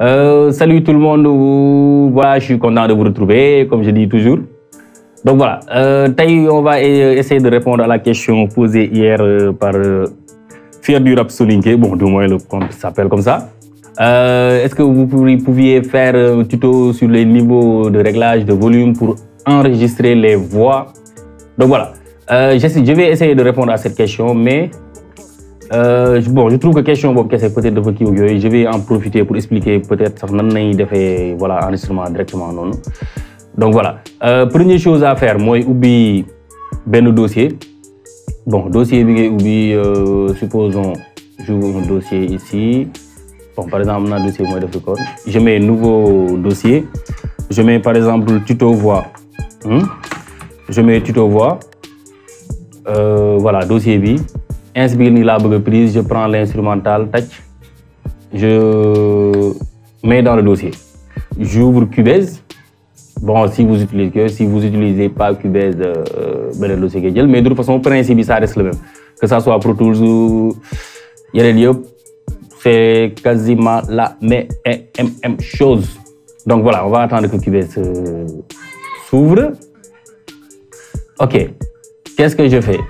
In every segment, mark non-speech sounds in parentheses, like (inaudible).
Euh, salut tout le monde, voilà, je suis content de vous retrouver, comme je dis toujours. Donc voilà, euh, on va euh, essayer de répondre à la question posée hier euh, par euh, Fier du Rap Solinké, bon, du moins le compte s'appelle comme ça. Euh, est-ce que vous pouviez faire un sur les niveaux de réglage de volume pour enregistrer les voix Donc voilà, je vais essayer de répondre à cette question, mais Euh, bon je trouve question boobu kese peut-être dafa kii yooyu je vais en profiter pour expliquer peut-être sax nan nañuy defee voilà enregistrement directement noonu donc voilà euh, première chose à faire mooy ubbi benn dossier bon dossier bi ngay ubbi euh, supposons j'ouvre un dossier ici bon par exemple am naa dossier mooy def record je mets nouveau dossier je par exemple tuto voix hmm? je mets tuto voix euh, voilà dossier bi ins bii nii laa bëgg a prise je prends l'instrumental tac je mets dans le dossier j'ouvre Cubase bon si vous utilisez que si vous utilisez pas Cubase euh, euh, beneen dossier ngay jël mais de toute façon principe bi ça reste le même que ça soit Pro Tools ou yeneen yëpp c'est quasiment la même même chose donc voilà on va attendre que Cubase euh, s'ouvre ok qu'est-ce que je fais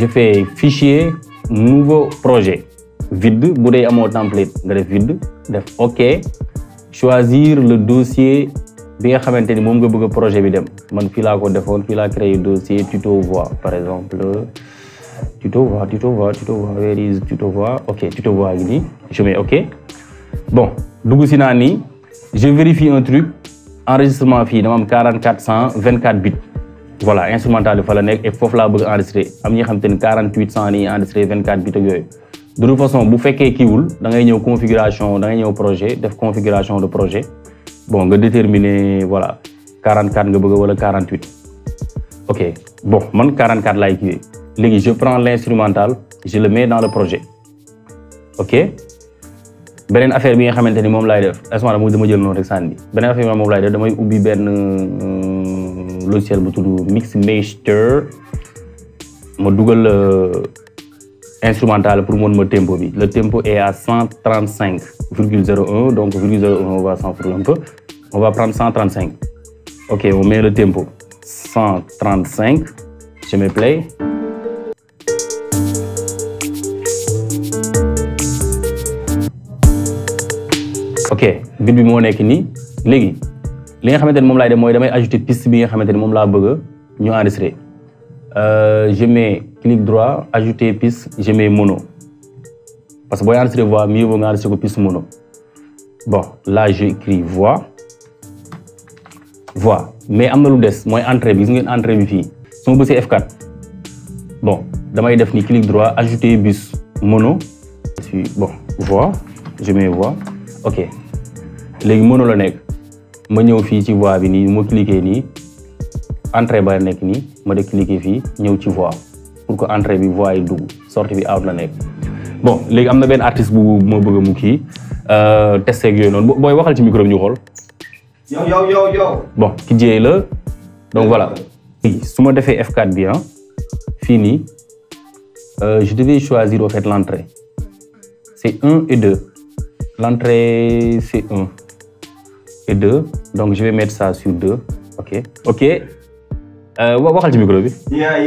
je fais fichier nouveau projet vide bu de amoo template nga def vide def ok choisir le dossier bi nga xamante ni moom nga bëgg projet bi dem man fii laa ko defoon fii laa créé dossier tuto voix par exemple tuto voix tuto voix tuto voix where is tuto voix ok tuto voix gi nii je mets ok bon dugg si naa ni je vérifie un truc enregistrement fii dama am 44 124 bits voilà instrumental bi fa la nekk et foofu laa bëgg enregistré am ñi nga xam te ni 48 nii enregistré 24 bit yooyu de toute façon bu fekkee kiiwul da ngay ñëw configuration da ngay ñëw projet def configuration de projet nga déterminer voilà 44 nga bëgg wala 48 ok bon man 44 laay kiiwee léegi je prends l'instrumental je le mets dans le projet ok beneen affaire bi xamante ni moom laay def instant dama dama jël noonu rek sànni beneen logiciel bu tudd Mixmaster ma dugal euh, instrumental pour mën ma tempo bi le tempo est à virgule zéro un donc virgule zéro un on va s'enfouir un peu on va prendre cent ok on le tempo je mets play ok bit bi moo nekk ni léegi li nga xamante ne moom laay def mooy damay ajouter piste bi nga xamante ne moom laa bëgg ñu enregistrer euh, je mets clic droit ajouter piste je mets mono parce que booy enregistrer voix mieux vaut nga enregistrer ko piste mono bon là j'écris voix voix mais am na lu des mooy entrée bi gis entre bi fi su ma bësee F4 damay def ni clic droit ajouter bus mono bon voix je mets voix ok léegi mono la nekk. ma ñëw fii ci voie bi nii ma cliquer ni entrée ba nekk nii ma de cliquer fii ñëw ci voie pour que entrée bi voie yi dugg sortie bi out la nekk bo léegi am na benn artiste bu ma bëgg a mu kii euh, testé ak yooyu noonu booy waxal ci micro bi ñu ki jéey la donc voilà. su ma defee F4 bi ah fii nii euh, je devais choisir au fait l' entrée un et deux l' entrée un. et 2. Donc, je vais mettre ça sur 2. OK. OK. Euh, waxal ci micro waxal.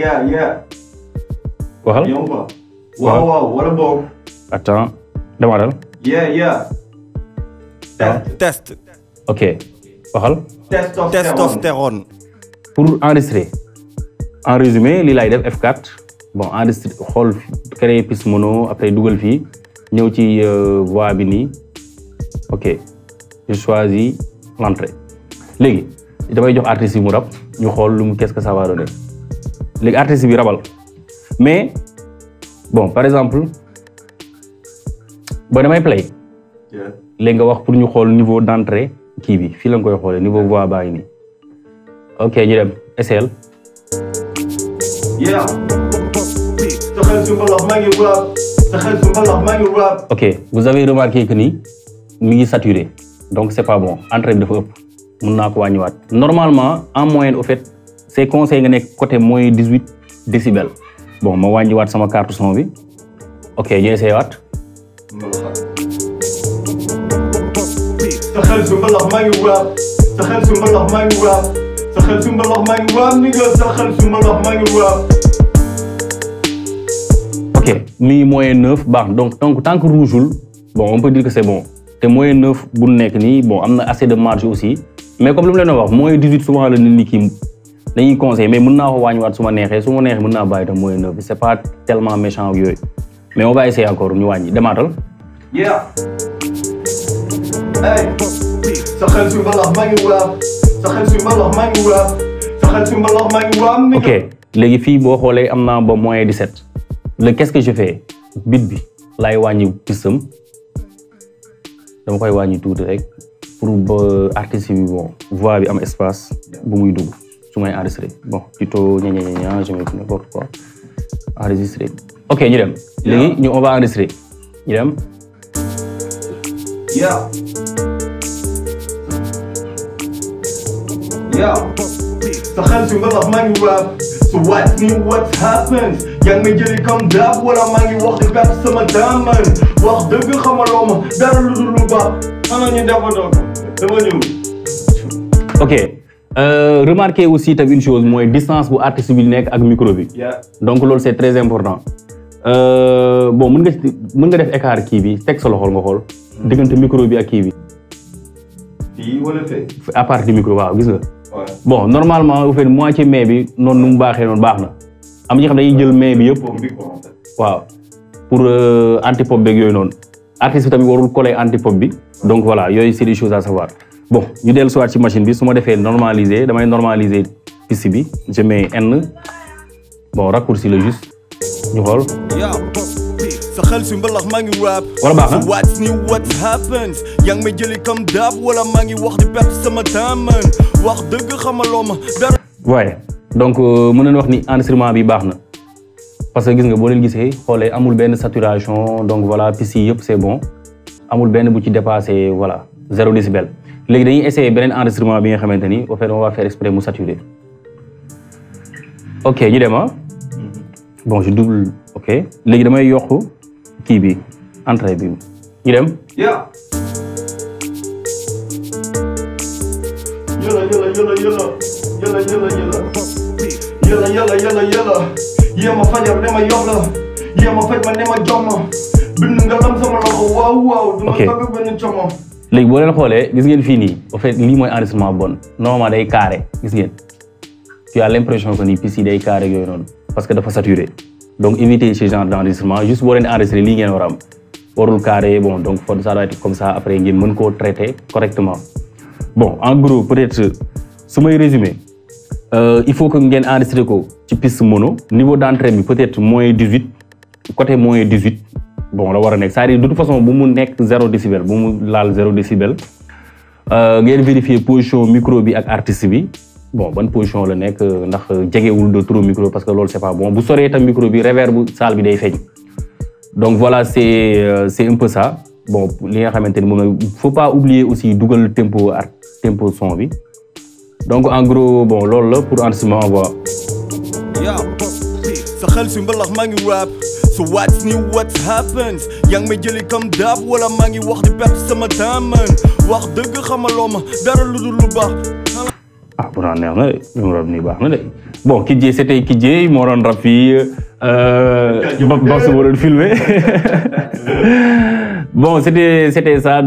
yow quoi. waaw test OK. waxal. testostérone pour enregistrer. en résumé lii laay def F4 bon enregistré xool créer piste après dugal fii ñëw ci euh, voix bi nii ok. je choisis l'entrée léegi damay jox artiste yi mu rab ñu xool lu mu quest que ça ne léegi artiste bi rabal mais bon par exemple boo damay play léegi nga wax pour ñu xool niveau d'entrée kii bi fii la nga koy xoolee niveau voix baa ngi nii ok ñu dem SL. ok vous avez remarqué que ni mi ngi saturé. donc c'est pas bon entrée bi dafa ëpp mën naa ko wàññiwaat normalement en moyenne au fait ces conseil nga nekk côté mooy dix huit décibels bon ma waat sama carte son bi ok ñu essayé waat ok mi moyen neuf baax donc donc tant que rougeul bon on peut que c'est bon te moyen neuf bu nekk nii bon am na assez de marge aussi mais comme lu mu leen wax moyen dix huit souvent la nit ñi kii dañuy conseillé mais mën naa ko ma neexee su ma neexee mën naa bàyyi tam moyen neuf bi pas tellement méchant ak yooyu mais on va essayer encore ñu wàññi demaatal. yeah. sa léegi fii boo xoolee am naa ba moyen dix sept le qu' que je fais bit bi laay wàññi pistam. dama koy wàññi tuuti rek pour ba artiste bi bon am espace bu muy dugg su may enregistré bon plutôt ña ña ña je mets n'importe quoi enregistré ok ñu dem. on va enregistrer ñu dem. yow. yow. sa xel su nga wax maa what new what happens. yaa ngi may jëli comme daab wala maa ngi sama daaman. wax dëgg xamaloo ma dara lu dul lu baax xanaa ñu defandoo ko dama ñëw. ok euh, remarquez aussi tam une chose mooy distance bu artiste bi nekk ak micro bi. donc loolu c'est très important. Euh, bon mun nga mën nga def écart kii bi teg sa loxo nga xool. diggante microbi bi ak kii bi. fii du micro waaw gis nga. bon normalement bu fekkee moitié mai bi noonu nu mu baaxee noonu baax na am na xam ne dañuy jël mai bi yëpp. waaw. pour euh, antipop beeg yooyu noonu artiste bi tamit warul coller antipop bi donc voilà yooyu c'est des choses à savoir bon ñu dellu siwaat ci machine bi su ma defee normaliser damay normaliser piste bi je mets n bon raccourci la juste ñu xool. sa xel si mbalax maa ngi rap wala baax na what's new what happens yaa ngi may jëli comme daab wala maa ngi wax di perte sama temps wax dara donc euh, mën nañu wax ni enregistrement bi baax na parce que gis nga boo leen gisee xoolee amul benn saturation donc voilà piste yi yëpp c'est bon amul benn bu ci dépassé voilà zéro décibel léegi dañuy essayer beneen enregistrement bi nga xamante ni au fait on va faire exprès mu ok ñu dem ah. bon je double ok léegi damay yokk kii bi entrée bi ñu dem. yalla yalla yalla yalla yéem a fajal ne ma yob la yéem faj ma ne ma jox ma bind nga lam sama loxo waaw waaw. ok du ma bëgg benn coono. léegi boo leen xoolee gis ngeen fii nii en fait lii mooy enregistrement bon normalement day carré gis ngeen tu as l' impression que ni piste yi day carré yooyu noonu parce que dafa saturé donc éviter ce genre d' enregistrement juste boo leen enregistré lii ngeen war a am warul carré bon donc faut sa doit être après ngeen mën koo traité correctement bon en gros peut être su may résumé. Euh, il faut que ngeen enregistré ko ci piste mono niveau d'entrée bi peut-être moins dix huit côté moins dix huit bon la war a nekk cest à de toute façon bu mu nekk zéro décibel bu mu laal zéro décibel euh, ngeen vérifier position micro bi ak artist bi bon ban position la nekk ndax jegewul de trop micro parce que lool c'est pas bon bu soree tam micro bi reverb bu salle bi day feeñ donc voilà c'est euh, c'est un peu ça bon li nga xamante ni moom faut pas oublier dugal tempo art tempo bi donc en gros bon loolu la pour enregistrement quoi. yow sa xel si maa ngi rap so what's new what happens yaa ngi may jëli daab wala maa ngi wax di perte sama temps man wax dëgg xamaloo ma dara lu dul lu baax. ah pourtant neex na de li mu rab nii baax na de bon Kidje c'était Kidje moo euh, (laughs)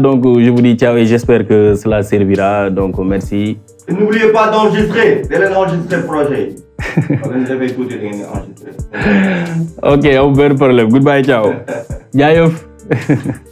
donc je vous dis ciao j'espère que cela servira donc merci. Et n'oubliez pas d'enregistrer. Dès l'enregistrer le projet. (laughs) Vous avez écouté, vous enregistré. Ok, au revoir, problème. Goodbye, ciao. Jayof. (laughs) (laughs)